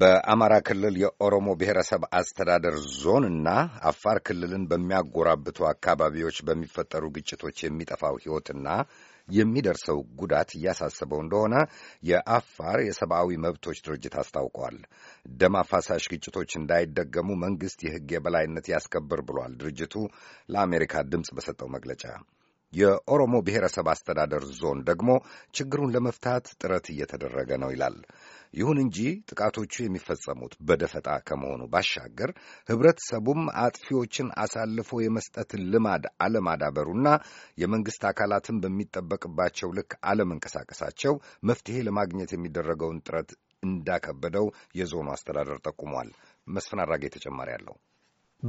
በአማራ ክልል የኦሮሞ ብሔረሰብ አስተዳደር ዞንና አፋር ክልልን በሚያጎራብቱ አካባቢዎች በሚፈጠሩ ግጭቶች የሚጠፋው ሕይወትና የሚደርሰው ጉዳት እያሳሰበው እንደሆነ የአፋር የሰብአዊ መብቶች ድርጅት አስታውቋል። ደም አፋሳሽ ግጭቶች እንዳይደገሙ መንግሥት የሕግ የበላይነት ያስከብር ብሏል ድርጅቱ ለአሜሪካ ድምፅ በሰጠው መግለጫ። የኦሮሞ ብሔረሰብ አስተዳደር ዞን ደግሞ ችግሩን ለመፍታት ጥረት እየተደረገ ነው ይላል። ይሁን እንጂ ጥቃቶቹ የሚፈጸሙት በደፈጣ ከመሆኑ ባሻገር ህብረተሰቡም አጥፊዎችን አሳልፎ የመስጠት ልማድ አለማዳበሩና የመንግስት አካላትን በሚጠበቅባቸው ልክ አለመንቀሳቀሳቸው መፍትሄ ለማግኘት የሚደረገውን ጥረት እንዳከበደው የዞኑ አስተዳደር ጠቁሟል። መስፍን አራጌ ተጨማሪ አለው።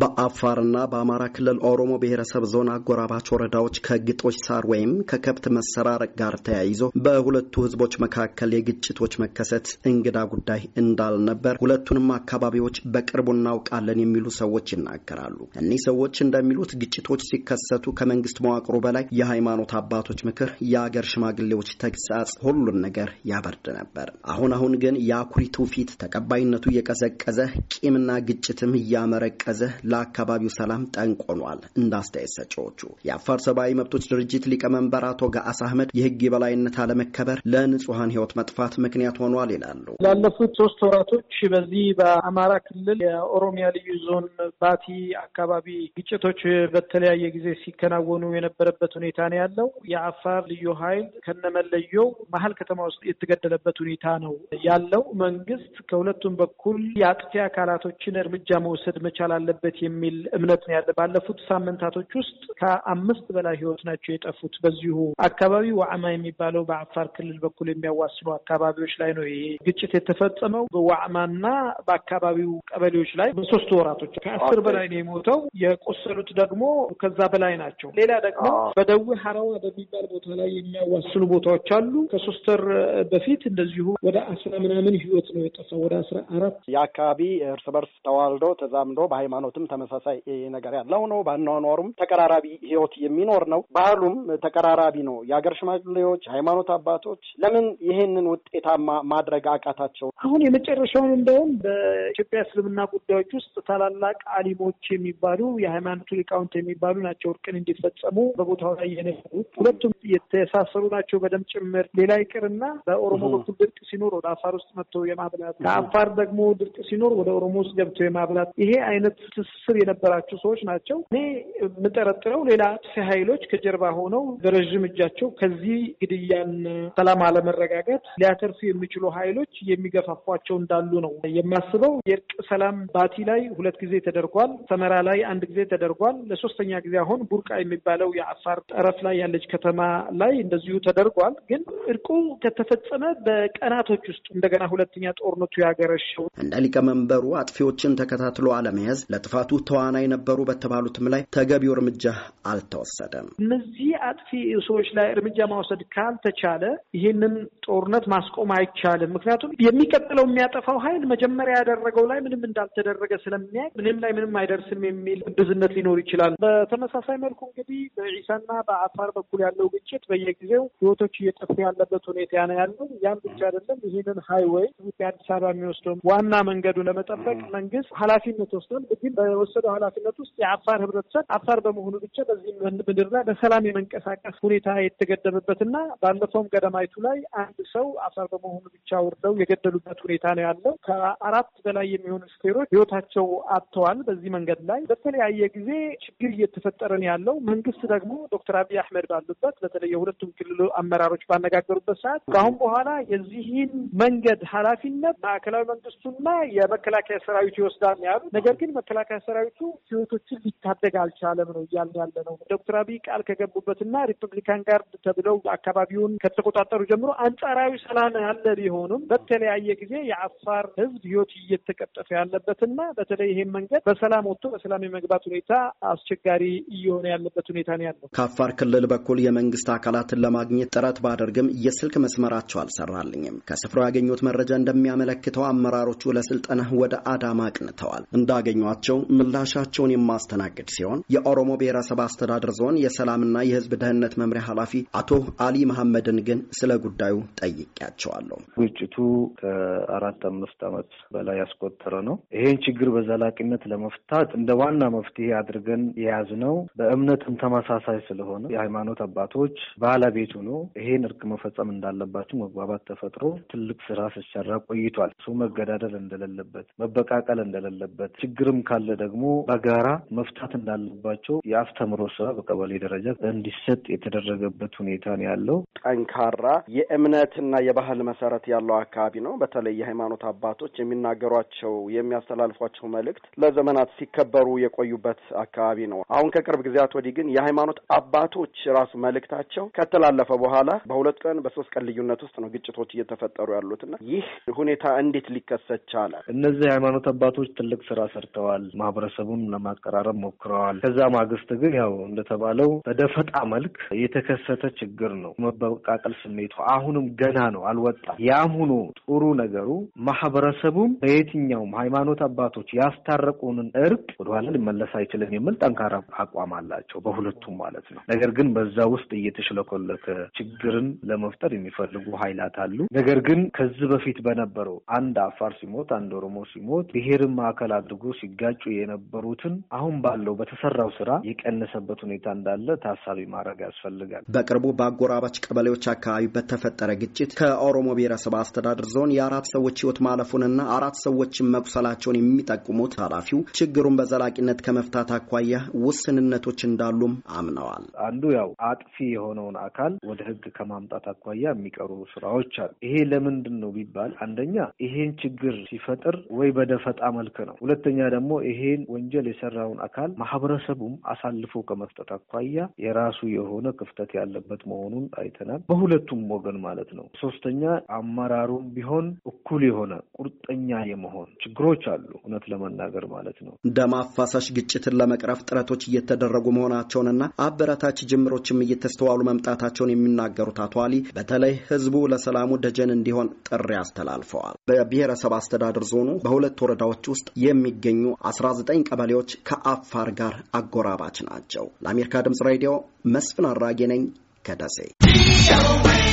በአፋርና በአማራ ክልል ኦሮሞ ብሔረሰብ ዞን አጎራባች ወረዳዎች ከግጦሽ ሳር ወይም ከከብት መሰራረቅ ጋር ተያይዞ በሁለቱ ህዝቦች መካከል የግጭቶች መከሰት እንግዳ ጉዳይ እንዳልነበር ሁለቱንም አካባቢዎች በቅርቡ እናውቃለን የሚሉ ሰዎች ይናገራሉ። እኒህ ሰዎች እንደሚሉት ግጭቶች ሲከሰቱ ከመንግስት መዋቅሩ በላይ የሃይማኖት አባቶች ምክር፣ የአገር ሽማግሌዎች ተግሳጽ ሁሉን ነገር ያበርድ ነበር። አሁን አሁን ግን የአኩሪ ትውፊት ተቀባይነቱ እየቀዘቀዘ ቂምና ግጭትም እያመረቀዘ ለአካባቢው ሰላም ጠንቅ ሆኗል። እንደ አስተያየት ሰጪዎቹ የአፋር ሰብአዊ መብቶች ድርጅት ሊቀመንበር አቶ ገአስ አህመድ የህግ የበላይነት አለመከበር ለንጹሐን ህይወት መጥፋት ምክንያት ሆኗል ይላሉ። ላለፉት ሶስት ወራቶች በዚህ በአማራ ክልል የኦሮሚያ ልዩ ዞን ባቲ አካባቢ ግጭቶች በተለያየ ጊዜ ሲከናወኑ የነበረበት ሁኔታ ነው ያለው። የአፋር ልዩ ኃይል ከነመለየው መሀል ከተማ ውስጥ የተገደለበት ሁኔታ ነው ያለው። መንግስት ከሁለቱም በኩል የአጥፊ አካላቶችን እርምጃ መውሰድ መቻል አለበት አለበት የሚል እምነት ነው ያለ። ባለፉት ሳምንታቶች ውስጥ ከአምስት በላይ ህይወት ናቸው የጠፉት በዚሁ አካባቢ ዋዕማ የሚባለው በአፋር ክልል በኩል የሚያዋስኑ አካባቢዎች ላይ ነው ይሄ ግጭት የተፈጸመው። በዋዕማና በአካባቢው ቀበሌዎች ላይ በሶስት ወራቶች ከአስር በላይ ነው የሞተው። የቆሰሉት ደግሞ ከዛ በላይ ናቸው። ሌላ ደግሞ በደዌ ሀራዋ በሚባል ቦታ ላይ የሚያዋስኑ ቦታዎች አሉ። ከሶስት ወር በፊት እንደዚሁ ወደ አስራ ምናምን ህይወት ነው የጠፋው ወደ አስራ አራት የአካባቢ እርስ በርስ ተዋልዶ ተዛምዶ በሃይማኖት በሃይማኖትም ተመሳሳይ ነገር ያለው ነው። በአኗኗሩም ተቀራራቢ ህይወት የሚኖር ነው። ባህሉም ተቀራራቢ ነው። የሀገር ሽማግሌዎች፣ ሃይማኖት አባቶች ለምን ይህንን ውጤታማ ማድረግ አቃታቸው? አሁን የመጨረሻውን እንደውም በኢትዮጵያ እስልምና ጉዳዮች ውስጥ ታላላቅ አሊሞች የሚባሉ የሃይማኖቱ ሊቃውንት የሚባሉ ናቸው እርቅን እንዲፈጸሙ በቦታው ላይ የነበሩት ሁለቱም የተሳሰሩ ናቸው በደም ጭምር። ሌላ ይቅርና በኦሮሞ በኩል ድርቅ ሲኖር ወደ አፋር ውስጥ መጥቶ የማብላት ከአፋር ደግሞ ድርቅ ሲኖር ወደ ኦሮሞ ውስጥ ገብቶ የማብላት ይሄ አይነት ትስስር የነበራቸው ሰዎች ናቸው። እኔ የምጠረጥረው ሌላ ኃይሎች ከጀርባ ሆነው በረዥም እጃቸው ከዚህ ግድያን፣ ሰላም አለመረጋጋት ሊያተርፉ የሚችሉ ኃይሎች የሚገፋፏቸው እንዳሉ ነው የማስበው። የእርቅ ሰላም ባቲ ላይ ሁለት ጊዜ ተደርጓል። ሰመራ ላይ አንድ ጊዜ ተደርጓል። ለሶስተኛ ጊዜ አሁን ቡርቃ የሚባለው የአፋር ጠረፍ ላይ ያለች ከተማ ላይ እንደዚሁ ተደርጓል። ግን እርቁ ከተፈጸመ በቀናቶች ውስጥ እንደገና ሁለተኛ ጦርነቱ ያገረሸው እንደ ሊቀመንበሩ አጥፊዎችን ተከታትሎ አለመያዝ ለጥፋ በጥፋቱ ተዋናይ ነበሩ በተባሉትም ላይ ተገቢው እርምጃ አልተወሰደም። እነዚህ አጥፊ ሰዎች ላይ እርምጃ ማውሰድ ካልተቻለ ይህንን ጦርነት ማስቆም አይቻልም። ምክንያቱም የሚቀጥለው የሚያጠፋው ኃይል መጀመሪያ ያደረገው ላይ ምንም እንዳልተደረገ ስለሚያይ ምንም ላይ ምንም አይደርስም የሚል ግብዝነት ሊኖር ይችላል። በተመሳሳይ መልኩ እንግዲህ በኢሳና በአፋር በኩል ያለው ግጭት በየጊዜው ህይወቶች እየጠፉ ያለበት ሁኔታ ነው ያለው። ያም ብቻ አይደለም። ይህንን ሀይወይ ኢትዮጵያ አዲስ አበባ የሚወስደው ዋና መንገዱ ለመጠበቅ መንግስት ኃላፊነት ወስዷል። ግን በወሰደው ኃላፊነት ውስጥ የአፋር ህብረተሰብ አፋር በመሆኑ ብቻ በዚህ ምድር ላይ በሰላም የመንቀሳቀስ ሁኔታ የተገደበበትና ባለፈውም ገደማይቱ ላይ አንድ ሰው አፋር በመሆኑ ብቻ ወርደው የገደሉበት ሁኔታ ነው ያለው። ከአራት በላይ የሚሆኑ ስቴሮች ህይወታቸው አጥተዋል። በዚህ መንገድ ላይ በተለያየ ጊዜ ችግር እየተፈጠረ ነው ያለው። መንግስት ደግሞ ዶክተር አብይ አህመድ ባሉበት በተለይ የሁለቱም ክልል አመራሮች ባነጋገሩበት ሰዓት ከአሁን በኋላ የዚህን መንገድ ኃላፊነት ማዕከላዊ መንግስቱና የመከላከያ ሰራዊት ይወስዳል ያሉ ነገር ግን መከላከያ መከላከያ ሰራዊቱ ህይወቶችን ሊታደግ አልቻለም ነው እያልን ያለ ነው። ዶክተር አብይ ቃል ከገቡበትና ሪፐብሊካን ጋርድ ተብለው አካባቢውን ከተቆጣጠሩ ጀምሮ አንጻራዊ ሰላም ያለ ቢሆንም በተለያየ ጊዜ የአፋር ህዝብ ህይወት እየተቀጠፈ ያለበትና በተለይ ይሄን መንገድ በሰላም ወጥቶ በሰላም የመግባት ሁኔታ አስቸጋሪ እየሆነ ያለበት ሁኔታ ነው ያለው። ከአፋር ክልል በኩል የመንግስት አካላትን ለማግኘት ጥረት ባደርግም የስልክ መስመራቸው አልሰራልኝም። ከስፍራው ያገኙት መረጃ እንደሚያመለክተው አመራሮቹ ለስልጠና ወደ አዳማ አቅንተዋል። እንዳገኟቸው ምላሻቸውን የማስተናግድ ሲሆን የኦሮሞ ብሔረሰብ አስተዳደር ዞን የሰላምና የህዝብ ደህንነት መምሪያ ኃላፊ አቶ አሊ መሐመድን ግን ስለ ጉዳዩ ጠይቄያቸዋለሁ። ግጭቱ ከአራት አምስት ዓመት በላይ ያስቆጠረ ነው። ይሄን ችግር በዘላቂነት ለመፍታት እንደ ዋና መፍትሄ አድርገን የያዝነው በእምነትም ተመሳሳይ ስለሆነ የሃይማኖት አባቶች ባለቤቱ ነው። ይሄን እርቅ መፈጸም እንዳለባቸው መግባባት ተፈጥሮ ትልቅ ስራ ሲሰራ ቆይቷል። ሰው መገዳደል እንደሌለበት፣ መበቃቀል እንደሌለበት ችግርም ካለ ደግሞ በጋራ መፍታት እንዳለባቸው የአስተምሮ ስራ በቀበሌ ደረጃ እንዲሰጥ የተደረገበት ሁኔታ ነው ያለው። ጠንካራ የእምነትና የባህል መሰረት ያለው አካባቢ ነው። በተለይ የሃይማኖት አባቶች የሚናገሯቸው የሚያስተላልፏቸው መልእክት ለዘመናት ሲከበሩ የቆዩበት አካባቢ ነው። አሁን ከቅርብ ጊዜያት ወዲህ ግን የሃይማኖት አባቶች ራሱ መልእክታቸው ከተላለፈ በኋላ በሁለት ቀን በሶስት ቀን ልዩነት ውስጥ ነው ግጭቶች እየተፈጠሩ ያሉትና ይህ ሁኔታ እንዴት ሊከሰት ቻለ? እነዚህ የሃይማኖት አባቶች ትልቅ ስራ ሰርተዋል። ማህበረሰቡን ለማቀራረብ ሞክረዋል። ከዛ ማግስት ግን ያው እንደተባለው በደፈጣ መልክ የተከሰተ ችግር ነው። መበቃቀል ስሜቱ አሁንም ገና ነው፣ አልወጣም። ያም ሆኖ ጥሩ ነገሩ ማህበረሰቡም በየትኛውም ሃይማኖት አባቶች ያስታረቁንን እርቅ ወደኋላ ሊመለስ አይችልም የሚል ጠንካራ አቋም አላቸው፣ በሁለቱም ማለት ነው። ነገር ግን በዛ ውስጥ እየተሽለኮለከ ችግርን ለመፍጠር የሚፈልጉ ኃይላት አሉ። ነገር ግን ከዚህ በፊት በነበረው አንድ አፋር ሲሞት፣ አንድ ኦሮሞ ሲሞት ብሔርን ማዕከል አድርጎ ሲጋጭ የነበሩትን አሁን ባለው በተሰራው ስራ የቀነሰበት ሁኔታ እንዳለ ታሳቢ ማድረግ ያስፈልጋል። በቅርቡ በአጎራባች ቀበሌዎች አካባቢ በተፈጠረ ግጭት ከኦሮሞ ብሔረሰብ አስተዳደር ዞን የአራት ሰዎች ህይወት ማለፉንና አራት ሰዎችን መቁሰላቸውን የሚጠቁሙት ኃላፊው ችግሩን በዘላቂነት ከመፍታት አኳያ ውስንነቶች እንዳሉም አምነዋል። አንዱ ያው አጥፊ የሆነውን አካል ወደ ህግ ከማምጣት አኳያ የሚቀሩ ስራዎች አሉ። ይሄ ለምንድን ነው ቢባል አንደኛ ይሄን ችግር ሲፈጥር ወይ በደፈጣ መልክ ነው፣ ሁለተኛ ደግሞ ይሄን ወንጀል የሰራውን አካል ማህበረሰቡም አሳልፎ ከመስጠት አኳያ የራሱ የሆነ ክፍተት ያለበት መሆኑን አይተናል። በሁለቱም ወገን ማለት ነው። ሶስተኛ አመራሩም ቢሆን እኩል የሆነ ቁርጠኛ የመሆን ችግሮች አሉ። እውነት ለመናገር ማለት ነው። ደም አፋሳሽ ግጭትን ለመቅረፍ ጥረቶች እየተደረጉ መሆናቸውንና አበረታች ጅምሮችም እየተስተዋሉ መምጣታቸውን የሚናገሩት አቶ አሊ በተለይ ህዝቡ ለሰላሙ ደጀን እንዲሆን ጥሪ አስተላልፈዋል። በብሔረሰብ አስተዳደር ዞኑ በሁለት ወረዳዎች ውስጥ የሚገኙ 19 ቀበሌዎች ከአፋር ጋር አጎራባች ናቸው። ለአሜሪካ ድምፅ ሬዲዮ መስፍን አራጌ ነኝ ከደሴ